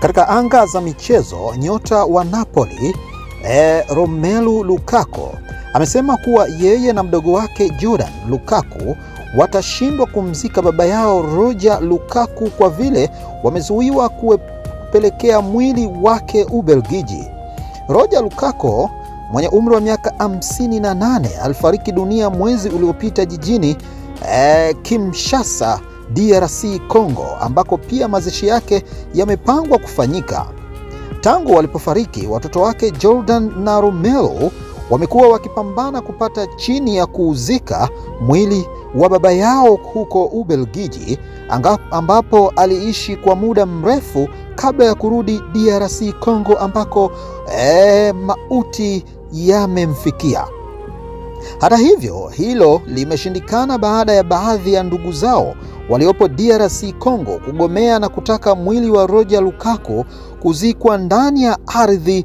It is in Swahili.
Katika anga za michezo, nyota wa Napoli e, Romelu Lukaku amesema kuwa yeye na mdogo wake Jordan Lukaku watashindwa kumzika baba yao Roger Lukaku kwa vile wamezuiwa kupelekea mwili wake Ubelgiji. Roger Lukaku mwenye umri wa miaka 58 alifariki dunia mwezi uliopita jijini e, Kinshasa DRC Congo, ambako pia mazishi yake yamepangwa kufanyika. Tangu walipofariki watoto wake Jordan na Romelu wamekuwa wakipambana kupata chini ya kuuzika mwili wa baba yao huko Ubelgiji, ambapo aliishi kwa muda mrefu kabla ya kurudi DRC Congo ambako ee, mauti yamemfikia. Hata hivyo, hilo limeshindikana baada ya baadhi ya ndugu zao waliopo DRC Congo kugomea na kutaka mwili wa Roger Lukaku kuzikwa ndani ya ardhi